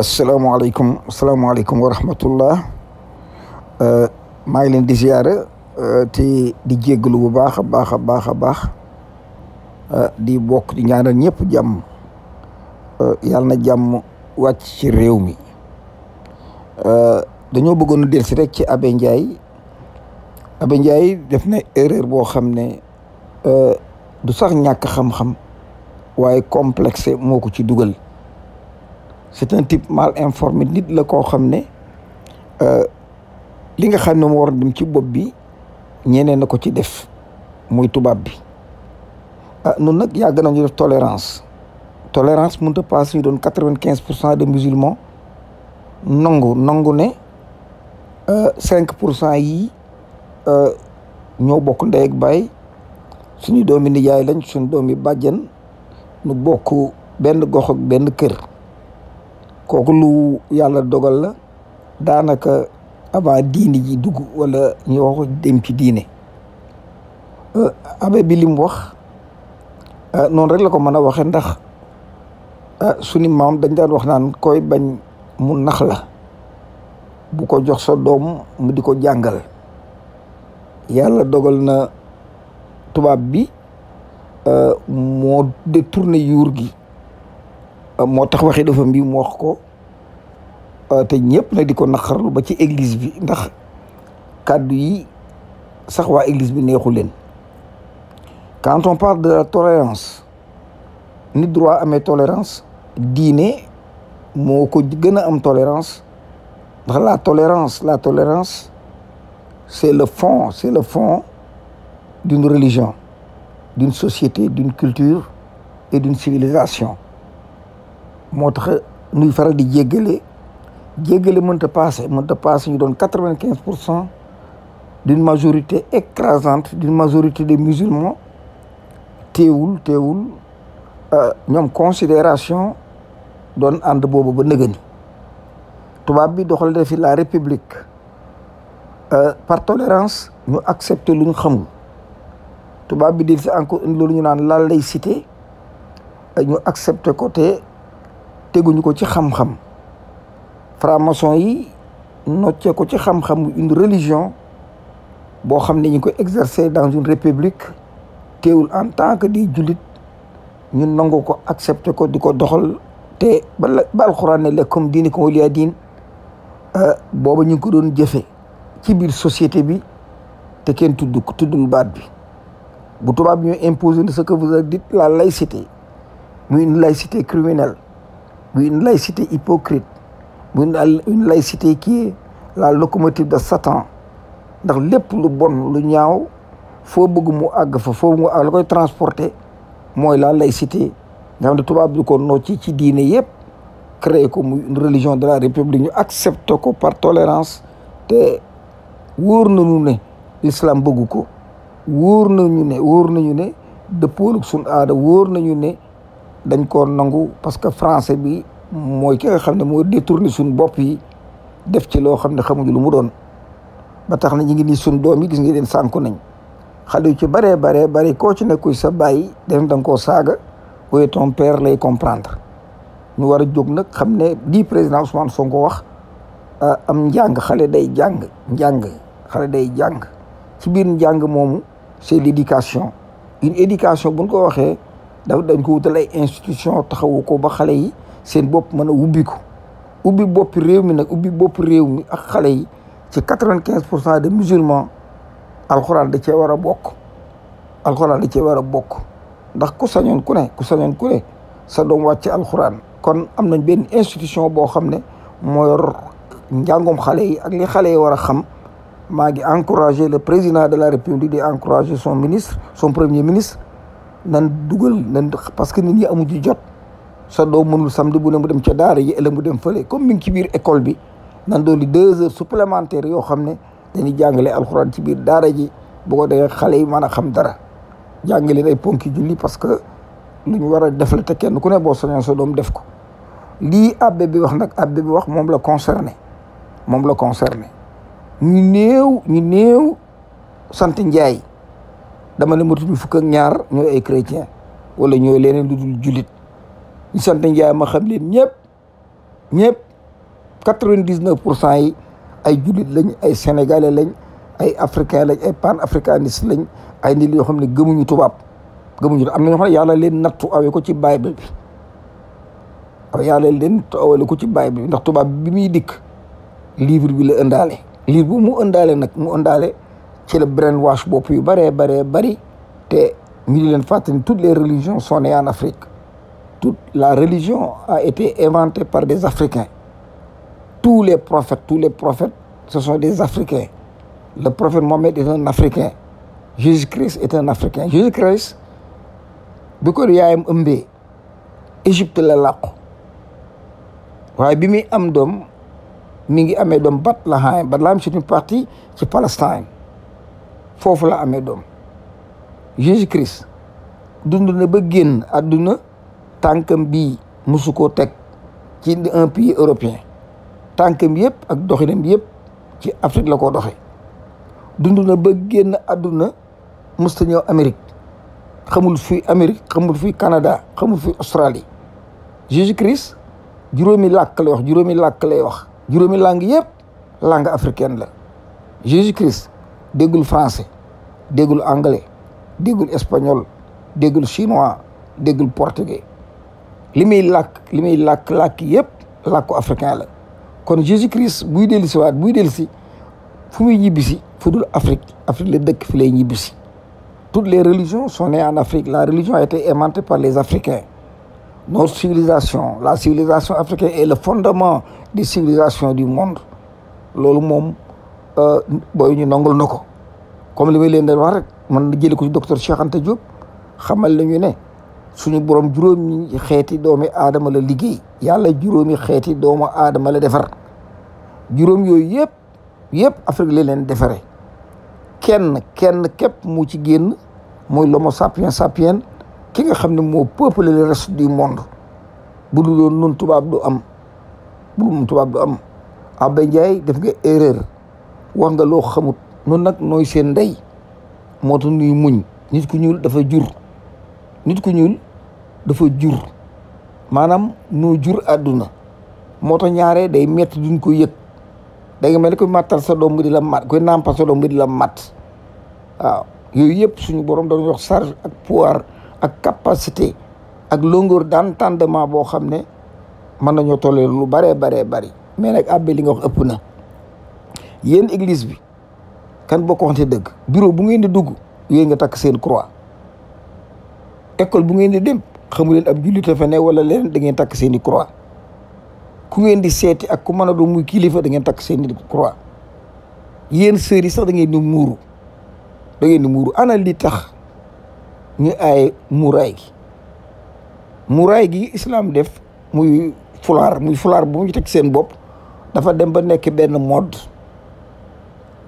asalaamaaleykum asalaamaaleykum wa rahmatullah euh, maa ngi leen di ziyaara euh, te di jéggalu bu baax a baax a baax a baax euh, di bokk di ñaanal ñëpp jàmm yàlla na jàmm wàcc ci réew mi dañoo bëggoon a delsi rek ci Abbé Ndiaye Abbé njaay def na erreur boo xam ne du sax ñàkk xam-xam waaye complexe moo ko ci dugal c'est un type mal informé nit la koo xam ne euh, li nga xam ne moo war a ci bopp bi ñeneen na ko ci def muy tubaab bi ah nun nag yàgg nañu def tolérance tolérance mënut a passé ñu doon quatre-vingt-quinze pour cent des musulmans nangu nangu ne euh, cinq pour cent yi euh, ñoo bokk ndey ak baay suñu doomi nijaay lañ suñu doomi bàjjen nu bokk benn gox benn kër kooku lu yàlla dogal la daanaka avant diini ji dugg walla ñu wax dem ci diine eh, abe bi lim wax eh, noonu rek la ko mën a waxe ndax eh, sunu maam dañ daan wax naan koy bañ mu nax la bu ko jox sa doom mu di ko jàngal yàlla dogal na tubaab bi moo détourné yuur gi Euh, moo tax waxee dafa mbi mu wax ko euh, te ñëpp nag di ko naqarlu ba ci église bi ndax kàddu yi sax waa église bi neexu leen quand on parle de la tolérance ni droit amee tolérance diine moo ko gën a am tolérance ndax la tolérance la tolérance c'est le fond c'est le fond d'une religion d'une société d'une culture et d'une civilisation moo tax nuy faral di jéggale jéggale mënta passé mënta passé ñu doon quatre-vingt-quinze pour cent d'une majorité écrasante d'une majorité des musulmans teewul teewul euh, ñoom considération doon ànd boobu ba nëgëni tubaab bi doxal fi la république euh, par tolérance ñu accepte lu ñu xamul tubaab bi di fi encore loolu ñu naan la laïcité euh, ñu accepter côté teguñu ko ci xam-xam franc yi noccee ko ci xam-xam une religion boo xam ne ñu ko exercer dans une république teewul en tant que di jullit ñu nangu ko accepter ko di ko doxal te bala ba alxuraan ne lakum diinukum wa liya diin euh, booba ñu ngi ko doon jëfe ci biir société bi te kenn tuddu ko tuddul baat bi bu tubaab bi ñu imposer ce que vous dites la laïcité muy une laïcité criminelle une laïcité hypocrite une une lay qui kii la locomotive de Satan ndax lépp lu bon lu ñaaw foo bëgg mu àgg fa foo mu àgg la koy transporter mooy la laïcité nga xam ne tubaab bi ko nocci ci diine yëpp créer ko muy une religion de la république ñu accepté ko par tolérance te wóor nañu ne l'islam bëgg ko wóor nañu ne wóor nañu ne dëppoolug sun aada wóor nañu ne dañ koo nangu parce que français bi mooy ki nga xam ne moo détourné suñ bopp yi def ci loo xam ne xamuñu lu mu doon ba tax na ñu ngi nii doom yi gis nga leen sànku nañ xale yu ci baree baree bari koo ci sa bàyyi def da koo saaga waaye lay comprendre ñu war a jóg nag xam ne di président Ousmane Sonko wax ah, am njàng xale day jàng njàng xale day jàng ci biir njàng moomu c'est l'éducation une éducation buñ ko waxee dafa dañ ko wutal ay institution taxawu ko ba xale yi seen bopp mën a ubbi ko ubbi bopp réew mi nag ubbi bopp réew mi ak xale yi ci quatre-vingt-quinze pour cent de musulmans alxuraan da cee war a bokk alxuraan da cee war a bokk ndax ku sañoon ku ne ku sañoon ku ne sa doom wàcc alxuraan kon am nañ benn institution boo xam ne moo yor njàngum xale yi ak li xale yi war a xam maa ngi encouragé le président de la république di encouragé son ministre son premier ministre nan dugal nan parce que nit ñi amu ci jot sa doom mënul samedi bu ne mu dem ca daara ji ëllëg mu dem fële comme mi ngi ci biir école bi nan doon li deux heures supplémentaires yoo xam ne dañuy jàngale alxuraan ci biir daara ji bu ko defee xale yi mën a xam dara jàngale ay ponki julli parce que nu ñu war a def la te kenn ku ne boo sañoon sa doom def ko lii abbe bi wax nag abbe bi wax moom la concerné moom la concerné ñu néew ñu néew sant njaay dama ne ma tudd fukk ñaar ñooy ay chrétien wala ñooy leneen lu dul julit ñu sant Njaay ma xam leen ñëpp ñëpp quatre-vingt-dix-neuf pour cent yi ay jullit lañ ay sénégalais lañ ay africain lañ ay pan africaniste lañ ay nit yoo xam ne gëmuñu tubaab gëmuñu am na ñoo xam ne yàlla leen nattu awee ko ci bible bi aw yàlla leen awale ko ci baay bi ndax tubaab bi muy dikk livre bi la ëndaale livre bu mu ëndaale nag mu ëndaale ci la brainwash bopp yu bëree bëree bëri te ñu di leen fàttali toutes les religions sont nées en Afrique toute la religion a été inventée par des Africains tous les prophètes tous les prophètes ce sont des Africains le prophète Mohammed est un Africain Jésus-Christ est un Africain Jésus-Christ bi ko yaayam ëmbee Égypte la làqu waaye bi muy am doom mi ngi amee doom Bethléem Bethléem c'est une partie ci Palestine foofu la amee doom Jésus Christ dund na ba génn àdduna tànkam bi musu koo teg ci un pays européen tànkam yëpp ak doxinam yëpp ci Afrique la ko doxe dundu na ba génn àdduna musta ñëw Amérique xamul fi Amérique xamul fi Canada xamul fi Australie Jésus Christ juróomi lakk la wax juróomi làkk lay wax juróomi langue yëpp langue africaine la Jésus Christ déggul français déggul anglais déggul espagnol déggul chinois déggul portugais li muy lakk li muy làkk-làkk yépp làkku africain la kon Jésus Christ buy dellu si waat buy dellu si fu muy ñibbisi fu dul Afrique Afrique le dëkk fi lay ñibbisi toutes les religions son nées en Afrique la religion a été inventée par les Africains notre civilisation la civilisation africaine est le fondement des civilisations du monde loolu moom Euh, booy ñu nangul na ko comme li may leen di wax rek man jëli ko ci docteur Cheikh Anta Diop xamal la ñu ne suñu borom juróomi xeeti doomi aadama la liggéey yàlla juróomi xeeti doomu aadama la defar juróom yooyu yëpp yëpp Afrique la leen defaree kenn kenn képp mu ci génn mooy l'homo sapiens sapiens ki nga xam ne moo peuplé le reste du monde bu dul nun tubaab du am bu tubaab du am Abbé Ndiaye def nga erreur wax nga loo xamut noonu nag nooy seen ndey moo tax ñuy muñ nit ku ñuul dafa jur nit ku ñuul dafa jur maanaam noo jur àdduna moo tax ñaare day metti duñ ko yëg day mel ni koy màttal sa doom bi di la mat koy nàmpal sa doom bi di la mat waaw yooyu yëpp suñu borom dañuy wax charge ak pouvoir ak capacité ak longueur d'entendement boo xam ne mën nañoo tollee lu baree baree bari mais nag abbé li nga wax ëpp na yéen église bi kan boo ko waxante dëgg bureau bu ngeen di dugg yooyu nga takk seen croix école bu ngeen di dem xamu leen ab jullit fa ne wala leen dangeen ngeen takk seen croix ku ngeen di seeti ak ku mën a muy kilifa da ngeen takk seen croix yéen sœurs yi sax da di muuru da ngeen di muuru ana li tax ñu aaye muuraay gi muuraay gi islam def muy fulaar muy fulaar bu mu teg seen bopp dafa dem ba nekk benn mode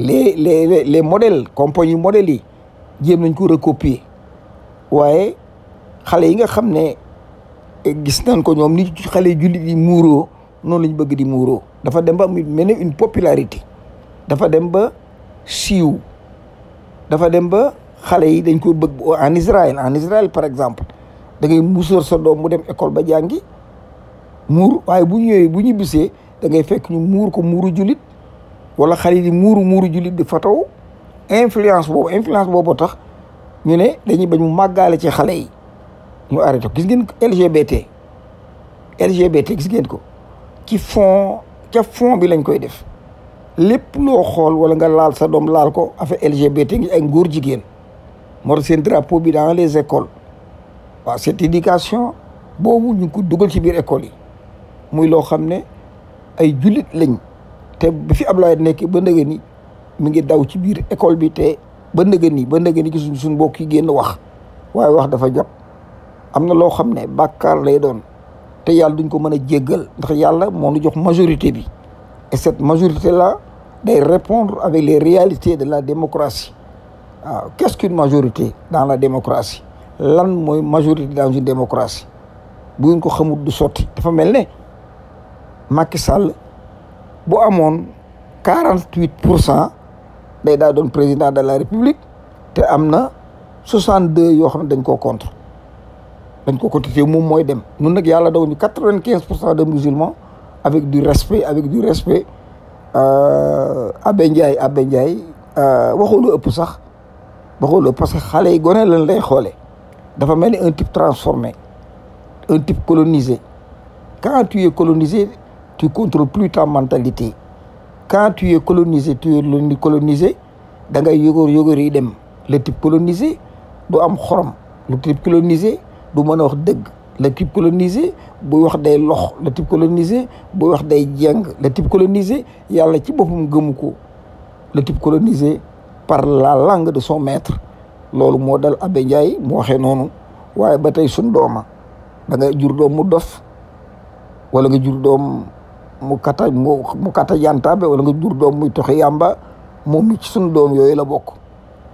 les les les modèles compagnie modèles yi jéem nañ ko recopier waaye xale yi nga xam ne eh, gis nan ko ñoom ni xale jullit yi muuroo noonu lañ bëgg di muuroo dafa dem ba mel ne une popularité dafa dem ba siiw dafa dem ba xale yi dañ ko bëgg en Israël en Israël par exemple da ngay muusal sa doom mu dem école ba jàngi muur waaye bu ñëwee bu ñu da ngay fekk ñu muur ko muuru jullit wala xarit yi muuru muuru jullit di fotow influence boobu influence boobu tax ñu ne dañu bañu mu màggaale ci xale yi ñu arrêté ko gis ngeen ko LGBT LGBT gis ngeen ko ci fond ca fond bi lañ koy def lépp loo xool wala nga laal sa doom laal ko affaire LGBT ngi ay ngóor jigéen moo tax seen drapeau bi dans les écoles waaw cette boobu ñu ko dugal ci biir école yi muy loo xam ne ay jullit lañ te bi fi Ablaye nekk ba ndëgë ni mi ngi daw ci biir école bi te ba ndëgë ni ba ndëgë ni ci suñ suñ mbokk yi génn wax waaye wax dafa jot am na loo xam ne bàkkaar lay doon te yàlla duñ ko mën a jéggal ndax yàlla moo nu jox majorité bi et est majorité la day répondre avec les réalités de la démocratie waaw qu'est-ce qu'une majorité dans la démocratie lan mooy majorité dans une démocratie bu ngeen ko xamul du sotti dafa mel ne Macky Sall boo amoon quarante huit pour cent day daa doon président de la république te am na soixante deux yoo xam ne dañ koo contre dañ ko cotisé moom mooy dem nun nag yàlla daw ñu quatre vingt quinze pour cent de musulmans avec du respect avec du respect euh, Abbé Ndiaye Abbé Ndiaye euh, waxulu ëpp sax waxulu ëpp parce que xale yi gone lan lay xoole dafa mel ni un type transformé un type colonisé quand tu es colonisé tu contrôles plus ta mentalité quand tu es colonisé tu es colonisé da ngay yëgoor yëgoor yi dem le type colonisé du am xorom le type colonisé du mën a wax dëgg le type colonisé buy wax day lox le type colonisé bo wax day jeng le type colonisé yàlla ci boppam gëmu le type colonisé par la langue de son maître loolu moo dal a Ndiaye moo waxee noonu waaye ba tey suñ dooma da nga jur doom mu dof wala nga jur doom mu kata mu mu kata jantabe wala nga jur doom muy toxi yàmba moom mi ci suñu doom yooyu la bokk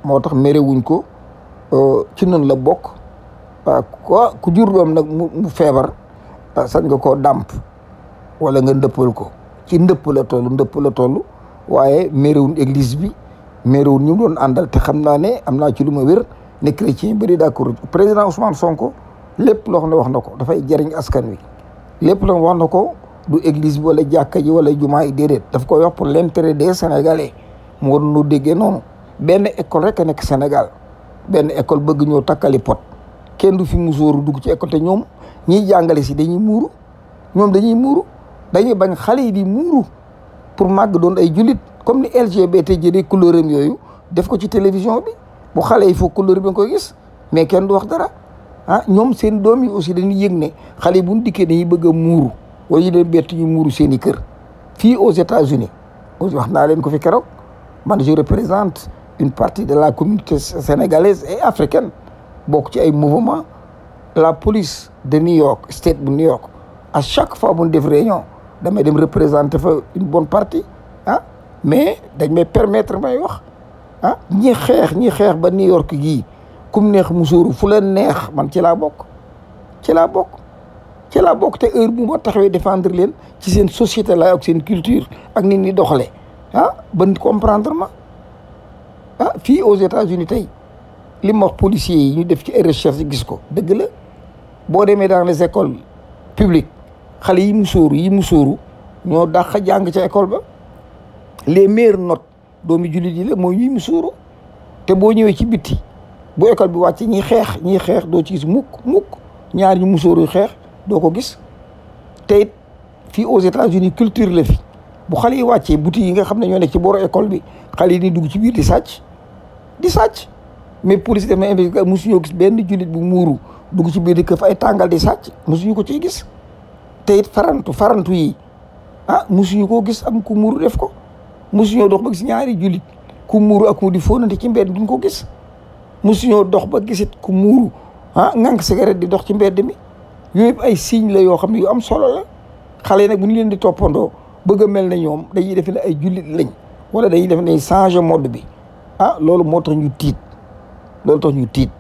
moo tax mere wuñ ko euh, ci nun la bokk waaw ku jur doom nag mu feebar euh, sañ nga ko dàmp wala nga ndëppal ko ci ndëpp la toll ndëpp la toll waaye merewuñ église bi merewuñ ñu doon àndal te xam naa ne am naa ci lu ma wér ne chrétien bëri d'accord président Ousmane Sonko lépp loo xam wax na ko dafay jëriñ askan wi lépp loo wax na ko du église wala jàkka ji wala jumaa yi déedéet daf ko yokk pour l'intérêt des sénégalais mu moo nu déggee noonu benn école rek a nekk Sénégal benn école bëgg ñoo takkali pot kenn du fi musóoru dugg ci école te ñoom ñiy jàngale si dañuy muuru ñoom dañuy muuru dañuy bañ xale yi di muuru pour màgg doon ay jullit comme ni LGBT jëlee couleur am yooyu def ko ci télévision bi bu xale yi foog couleur bi nga koy gis mais kenn du wax dara ah ñoom seen doom yi aussi dañuy yëg ne xale yi bu ñu dikkee dañuy bëgg a muuru. wala ñu leen bett muuru seen i kër fii aux États-Unis wax naa leen ko fi keroog man je représente une partie de la communauté sénégalaise et africaine bokk ci ay mouvement la police de New York state bu New York a chaque fois bu ñu def réunion damay dem représenter fa une bonne partie ah mais dañ may permettre may wax ah ñi xeex ñi xeex ba New York gii kum neex musóoru fu la neex man ci laa bokk ci laa bokk ci laa bokk te heure bu ma taxawee défendre leen ci seen société la ak seen culture ak nit ñi doxalee ah ban comprendre ma ah fii aux États-Unis tey li ma wax policiers yi ñu def ci ay recherche gis ko dëgg la boo demee dans les écoles publiques xale yi musóoru yi musóoru ñoo dàq jàng ca école ba les meilleures notes doomi jullit yi la mooy ñuy musóoru te boo ñëwee ci bitti bu école bi wàcc ñi xeex ñi xeex doo ci gis mukk mukk ñaar ñu musóoru xeex doo ko gis te it fii aux États-Unis culture la fi bu xale yi wàccee boutique yi nga xam ne ñoo nekk ci booru école bi xale yi ni dugg ci biir di sàcc di sàcc mais police def na investigation mosuñoo gis benn jullit bu muuru dugg ci biir di këf ay tàngal di sàcc mosuñu ko ciy gis te it farantu farantu yi ah mosuñu koo gis am ku muuru def ko mosuñoo dox ba gis ñaari julit ku muuru ak ku di fóonante ci mbedd duñ ko gis mosuñoo dox ba gisit ku muuru ah ngànk cigarette di dox ci mbedd mi yooyu ay signe la yoo xam ne yu am solo la xale yi nag bu ñu leen di toppandoo bëgg a mel ne ñoom dañuy def ne ay jullit lañ wala dañuy defe ne changer mode bi ah loolu moo tax ñu tiit loolu tax ñu tiit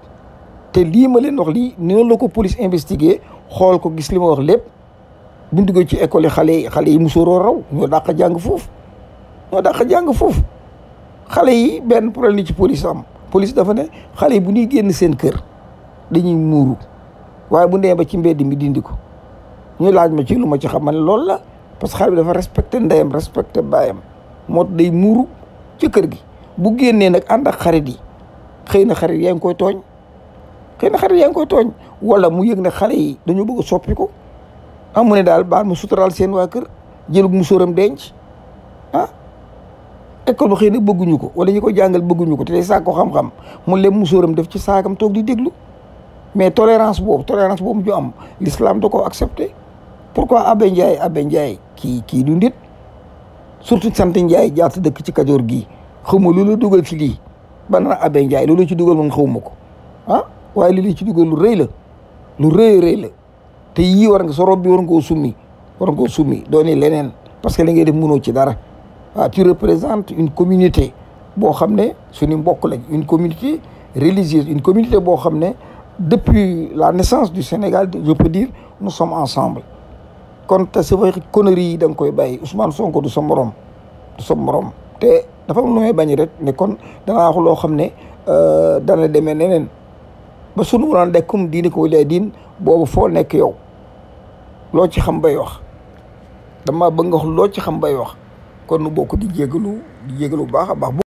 te lii ma leen wax lii noonu la ko police investigué xool ko gis li ma wax lépp buñ duggee ci école yi xale yi xale yi musooroo raw ñoo dàq jàng foofu ñoo dàq jàng foofu xale yi benn problème ni ci police am police dafa ne xale yi bu ñuy génn seen kër dañuy muuru waaye bu ndee ba ci mbedd mi dindi ko ñu laaj ma ci lu ma ci xam man loolu la parce que xale bi dafa respecté ndeyam respecté baayam moo day muuru ci kër gi bu génnee nag ànd ak xarit yi xëy na xarit yaa ngi koy tooñ xëy na yaa ngi koy tooñ wala mu yëg ne xale yi dañoo bëgg a soppi ah, mu ne daal baal mu suturaal seen waa kër jëlug musóoram denc ah école ba xëy na bëgguñu ko wala ñu koy jàngal bëgguñu ko te day saako xam-xam mu lem musóoram def ci saakam toog di déglu mais tolérance boobu tolérance boobu ñu am l'islam da koo accepté pourquoi Abbé Ndiaye Abbé Ndiaye kii kii du nit surtout sant Ndiaye jaata dëkk ci Kajoor gii xawma lu la dugal ci lii ba na Abbé Ndiaye loolu ci dugal man xawma ko ah waaye li lu ci dugal lu rëy la lu rëy rëy la te yii war nga sa rob nga koo summi war nga summi doone leneen parce que li ngay def mënoo ci dara waaw ah, tu représentes une communauté boo xam ne suñu mbokk lañ une communauté religieuse une communauté boo xam ne depuis la naissance du Sénégal je peux dire nous sommes ensemble kon te sa conneries yi da nga koy bàyyi Ousmane Sonko du sa morom du sa morom te dafa am lu may bañ rek ne kon danaa wax loo xam ne euh, dana demee neneen ba sunu mënaan dekkum diine ko wala diin boobu foo nekk yow loo ci xam bay wax dama bëgg nga loo ci xam bay wax kon nu bokk di jégalu di jégalu bu baax a baax.